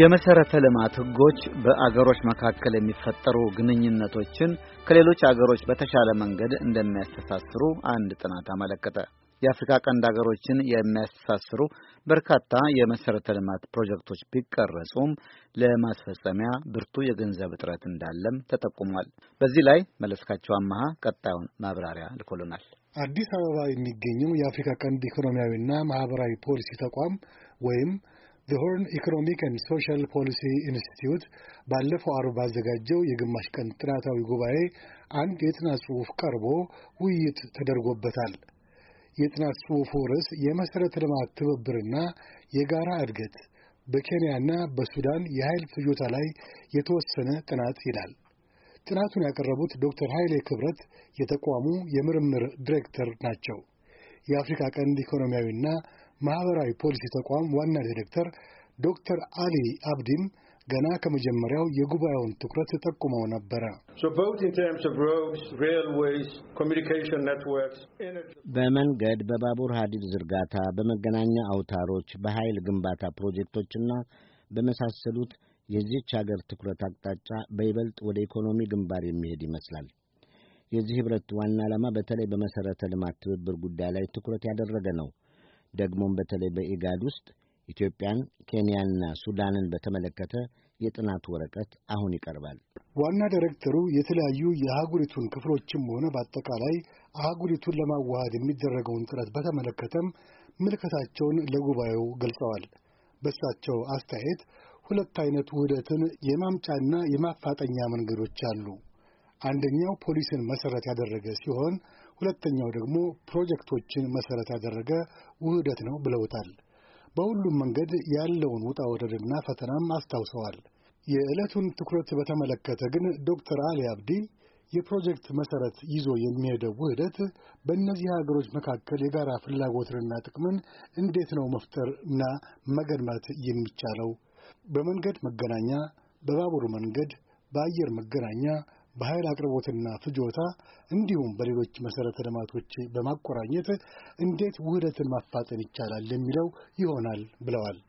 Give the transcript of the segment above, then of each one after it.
የመሰረተ ልማት ህጎች በአገሮች መካከል የሚፈጠሩ ግንኙነቶችን ከሌሎች አገሮች በተሻለ መንገድ እንደሚያስተሳስሩ አንድ ጥናት አመለከተ። የአፍሪካ ቀንድ አገሮችን የሚያስተሳስሩ በርካታ የመሰረተ ልማት ፕሮጀክቶች ቢቀረጹም ለማስፈጸሚያ ብርቱ የገንዘብ እጥረት እንዳለም ተጠቁሟል። በዚህ ላይ መለስካቸው አመሃ ቀጣዩን ማብራሪያ ልኮልናል። አዲስ አበባ የሚገኘው የአፍሪካ ቀንድ ኢኮኖሚያዊና ማህበራዊ ፖሊሲ ተቋም ወይም ዘሆርን ኢኮኖሚክ ኤንድ ሶሻል ፖሊሲ ኢንስቲትዩት ባለፈው ዓርብ ባዘጋጀው የግማሽ ቀን ጥናታዊ ጉባኤ አንድ የጥናት ጽሑፍ ቀርቦ ውይይት ተደርጎበታል። የጥናት ጽሑፉ ርዕስ የመሠረተ ልማት ትብብርና የጋራ እድገት በኬንያና በሱዳን የኃይል ፍጆታ ላይ የተወሰነ ጥናት ይላል። ጥናቱን ያቀረቡት ዶክተር ኃይሌ ክብረት የተቋሙ የምርምር ዲሬክተር ናቸው። የአፍሪካ ቀንድ ኢኮኖሚያዊና ማኅበራዊ ፖሊሲ ተቋም ዋና ዲሬክተር ዶክተር አሊ አብዲም ገና ከመጀመሪያው የጉባኤውን ትኩረት ጠቁመው ነበረ። በመንገድ፣ በባቡር ሀዲድ ዝርጋታ፣ በመገናኛ አውታሮች፣ በኃይል ግንባታ ፕሮጀክቶችና በመሳሰሉት የዚህች አገር ትኩረት አቅጣጫ በይበልጥ ወደ ኢኮኖሚ ግንባር የሚሄድ ይመስላል። የዚህ ኅብረት ዋና ዓላማ በተለይ በመሠረተ ልማት ትብብር ጉዳይ ላይ ትኩረት ያደረገ ነው። ደግሞም በተለይ በኢጋድ ውስጥ ኢትዮጵያን፣ ኬንያንና ሱዳንን በተመለከተ የጥናት ወረቀት አሁን ይቀርባል። ዋና ዳይሬክተሩ የተለያዩ የአህጉሪቱን ክፍሎችም ሆነ በአጠቃላይ አህጉሪቱን ለማዋሃድ የሚደረገውን ጥረት በተመለከተም ምልከታቸውን ለጉባኤው ገልጸዋል። በእሳቸው አስተያየት ሁለት አይነት ውህደትን የማምጫና የማፋጠኛ መንገዶች አሉ። አንደኛው ፖሊስን መሰረት ያደረገ ሲሆን ሁለተኛው ደግሞ ፕሮጀክቶችን መሰረት ያደረገ ውህደት ነው ብለውታል። በሁሉም መንገድ ያለውን ውጣ ወረድና ፈተናም አስታውሰዋል። የዕለቱን ትኩረት በተመለከተ ግን ዶክተር አሊ አብዲ የፕሮጀክት መሰረት ይዞ የሚሄደው ውህደት በእነዚህ ሀገሮች መካከል የጋራ ፍላጎትንና ጥቅምን እንዴት ነው መፍጠርና መገንባት የሚቻለው በመንገድ መገናኛ፣ በባቡር መንገድ፣ በአየር መገናኛ፣ በኃይል አቅርቦትና ፍጆታ እንዲሁም በሌሎች መሠረተ ልማቶች በማቆራኘት እንዴት ውህደትን ማፋጠን ይቻላል የሚለው ይሆናል ብለዋል።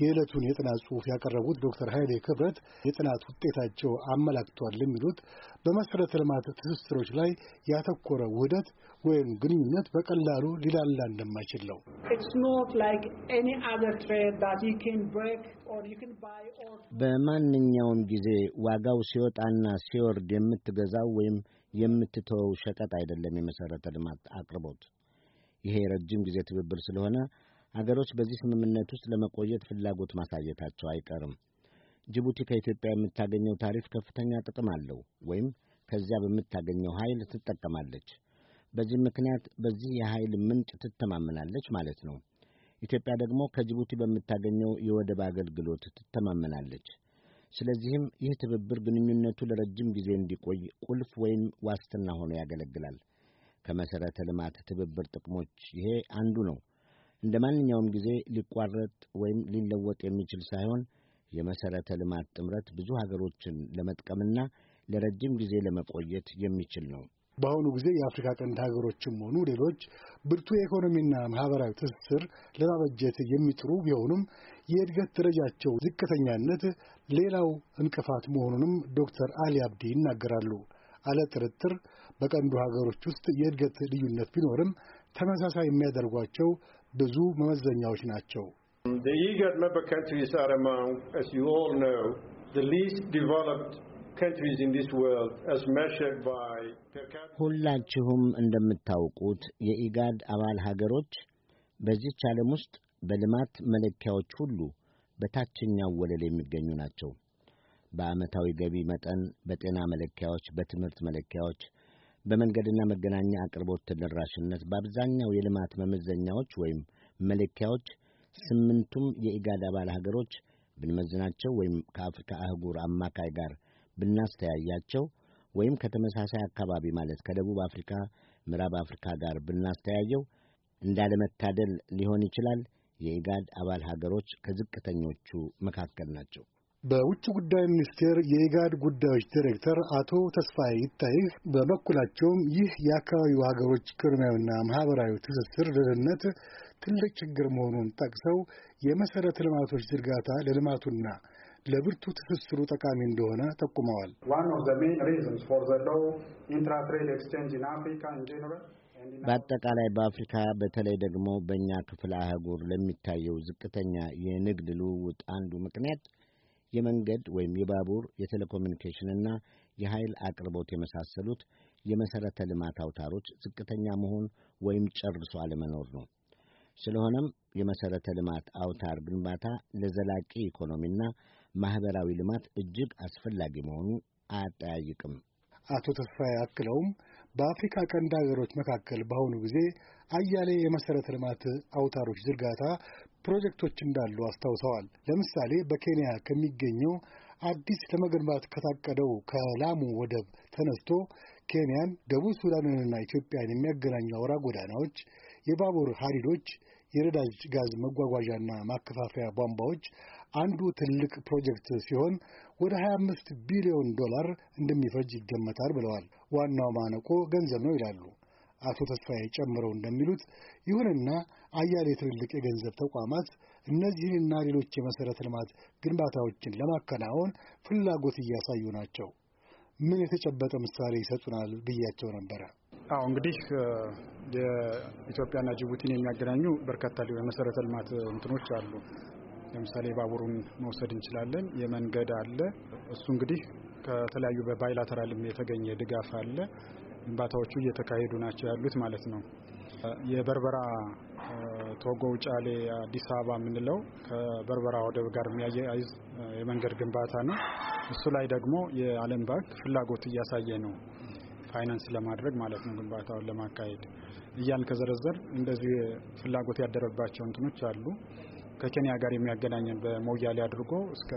የዕለቱን የጥናት ጽሑፍ ያቀረቡት ዶክተር ኃይሌ ክብረት የጥናት ውጤታቸው አመላክቷል የሚሉት በመሠረተ ልማት ትስስሮች ላይ ያተኮረ ውህደት ወይም ግንኙነት በቀላሉ ሊላላ እንደማይችል ነው። በማንኛውም ጊዜ ዋጋው ሲወጣና ሲወርድ የምትገዛው ወይም የምትተወው ሸቀጥ አይደለም። የመሠረተ ልማት አቅርቦት ይሄ ረጅም ጊዜ ትብብር ስለሆነ አገሮች በዚህ ስምምነት ውስጥ ለመቆየት ፍላጎት ማሳየታቸው አይቀርም። ጅቡቲ ከኢትዮጵያ የምታገኘው ታሪፍ ከፍተኛ ጥቅም አለው ወይም ከዚያ በምታገኘው ኃይል ትጠቀማለች። በዚህ ምክንያት በዚህ የኃይል ምንጭ ትተማመናለች ማለት ነው። ኢትዮጵያ ደግሞ ከጅቡቲ በምታገኘው የወደብ አገልግሎት ትተማመናለች። ስለዚህም ይህ ትብብር ግንኙነቱ ለረጅም ጊዜ እንዲቆይ ቁልፍ ወይም ዋስትና ሆኖ ያገለግላል። ከመሠረተ ልማት ትብብር ጥቅሞች ይሄ አንዱ ነው። እንደ ማንኛውም ጊዜ ሊቋረጥ ወይም ሊለወጥ የሚችል ሳይሆን የመሠረተ ልማት ጥምረት ብዙ ሀገሮችን ለመጥቀምና ለረጅም ጊዜ ለመቆየት የሚችል ነው። በአሁኑ ጊዜ የአፍሪካ ቀንድ ሀገሮችም ሆኑ ሌሎች ብርቱ የኢኮኖሚና ማህበራዊ ትስስር ለማበጀት የሚጥሩ ቢሆኑም የእድገት ደረጃቸው ዝቅተኛነት ሌላው እንቅፋት መሆኑንም ዶክተር አሊ አብዲ ይናገራሉ። አለ ጥርጥር በቀንዱ ሀገሮች ውስጥ የእድገት ልዩነት ቢኖርም ተመሳሳይ የሚያደርጓቸው ብዙ መመዘኛዎች ናቸው። ሁላችሁም እንደምታውቁት የኢጋድ አባል ሀገሮች በዚች ዓለም ውስጥ በልማት መለኪያዎች ሁሉ በታችኛው ወለል የሚገኙ ናቸው። በዓመታዊ ገቢ መጠን፣ በጤና መለኪያዎች፣ በትምህርት መለኪያዎች፣ በመንገድና መገናኛ አቅርቦት ተደራሽነት በአብዛኛው የልማት መመዘኛዎች ወይም መለኪያዎች ስምንቱም የኢጋድ አባል ሀገሮች ብንመዝናቸው ወይም ከአፍሪካ አህጉር አማካይ ጋር ብናስተያያቸው ወይም ከተመሳሳይ አካባቢ ማለት ከደቡብ አፍሪካ፣ ምዕራብ አፍሪካ ጋር ብናስተያየው እንዳለመታደል ሊሆን ይችላል የኢጋድ አባል ሀገሮች ከዝቅተኞቹ መካከል ናቸው። በውጭ ጉዳይ ሚኒስቴር የኢጋድ ጉዳዮች ዲሬክተር አቶ ተስፋዬ ይታይህ በበኩላቸውም ይህ የአካባቢው ሀገሮች ኢኮኖሚያዊና ማህበራዊ ትስስር ደህንነት ትልቅ ችግር መሆኑን ጠቅሰው የመሠረተ ልማቶች ዝርጋታ ለልማቱና ለብርቱ ትስስሩ ጠቃሚ እንደሆነ ጠቁመዋል። በአጠቃላይ በአፍሪካ በተለይ ደግሞ በእኛ ክፍለ አህጉር ለሚታየው ዝቅተኛ የንግድ ልውውጥ አንዱ ምክንያት የመንገድ ወይም የባቡር ና የኃይል አቅርቦት የመሳሰሉት የመሠረተ ልማት አውታሮች ዝቅተኛ መሆን ወይም ጨርሶ አለመኖር ነው። ስለሆነም የመሠረተ ልማት አውታር ግንባታ ለዘላቂ ኢኮኖሚና ማኅበራዊ ልማት እጅግ አስፈላጊ መሆኑ አያጠያይቅም። አቶ ተስፋዬ አክለውም በአፍሪካ ቀንድ ሀገሮች መካከል በአሁኑ ጊዜ አያሌ የመሠረተ ልማት አውታሮች ዝርጋታ ፕሮጀክቶች እንዳሉ አስታውሰዋል። ለምሳሌ በኬንያ ከሚገኘው አዲስ ለመገንባት ከታቀደው ከላሙ ወደብ ተነስቶ ኬንያን፣ ደቡብ ሱዳንንና ኢትዮጵያን የሚያገናኙ አውራ ጎዳናዎች፣ የባቡር ሀዲዶች። የነዳጅ ጋዝ መጓጓዣና ማከፋፈያ ቧንቧዎች አንዱ ትልቅ ፕሮጀክት ሲሆን ወደ 25 ቢሊዮን ዶላር እንደሚፈጅ ይገመታል ብለዋል። ዋናው ማነቆ ገንዘብ ነው ይላሉ አቶ ተስፋዬ ጨምረው እንደሚሉት። ይሁንና አያሌ ትልልቅ የገንዘብ ተቋማት እነዚህንና ሌሎች የመሠረተ ልማት ግንባታዎችን ለማከናወን ፍላጎት እያሳዩ ናቸው። ምን የተጨበጠ ምሳሌ ይሰጡናል ብያቸው ነበረ። አዎ እንግዲህ የኢትዮጵያና ጅቡቲን የሚያገናኙ በርካታ የመሰረተ ልማት እንትኖች አሉ። ለምሳሌ ባቡሩን መውሰድ እንችላለን። የመንገድ አለ። እሱ እንግዲህ ከተለያዩ በባይላተራልም የተገኘ ድጋፍ አለ። ግንባታዎቹ እየተካሄዱ ናቸው ያሉት ማለት ነው። የበርበራ ቶጎ ውጫሌ አዲስ አበባ የምንለው ከበርበራ ወደብ ጋር የሚያያይዝ የመንገድ ግንባታ ነው። እሱ ላይ ደግሞ የዓለም ባንክ ፍላጎት እያሳየ ነው። ፋይናንስ ለማድረግ ማለት ነው ግንባታውን ለማካሄድ እያን ከዘረዘር እንደዚህ ፍላጎት ያደረባቸው እንትኖች አሉ። ከኬንያ ጋር የሚያገናኘን በሞያሌ አድርጎ እስከ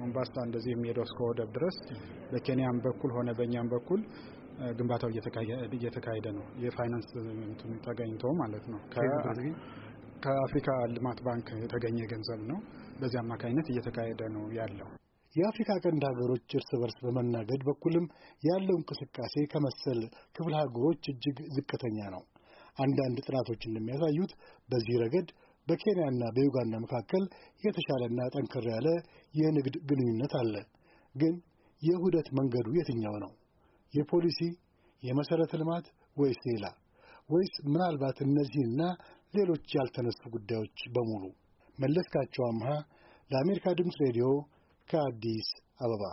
ሞምባሳ እንደዚህ የሚሄደው እስከ ወደብ ድረስ በኬንያም በኩል ሆነ በእኛም በኩል ግንባታው እየተካሄደ ነው። የፋይናንስ ተገኝቶ ማለት ነው። ከአፍሪካ ልማት ባንክ የተገኘ ገንዘብ ነው። በዚህ አማካኝነት እየተካሄደ ነው ያለው። የአፍሪካ ቀንድ ሀገሮች እርስ በርስ በመናገድ በኩልም ያለው እንቅስቃሴ ከመሰል ክፍለ ሀገሮች እጅግ ዝቅተኛ ነው። አንዳንድ ጥናቶች እንደሚያሳዩት በዚህ ረገድ በኬንያና በዩጋንዳ መካከል የተሻለና ጠንከር ያለ የንግድ ግንኙነት አለ። ግን የውህደት መንገዱ የትኛው ነው? የፖሊሲ የመሠረተ ልማት ወይስ ሌላ ወይስ ምናልባት እነዚህና ሌሎች ያልተነሱ ጉዳዮች በሙሉ? መለስካቸው አምሃ ለአሜሪካ ድምፅ ሬዲዮ ከአዲስ አበባ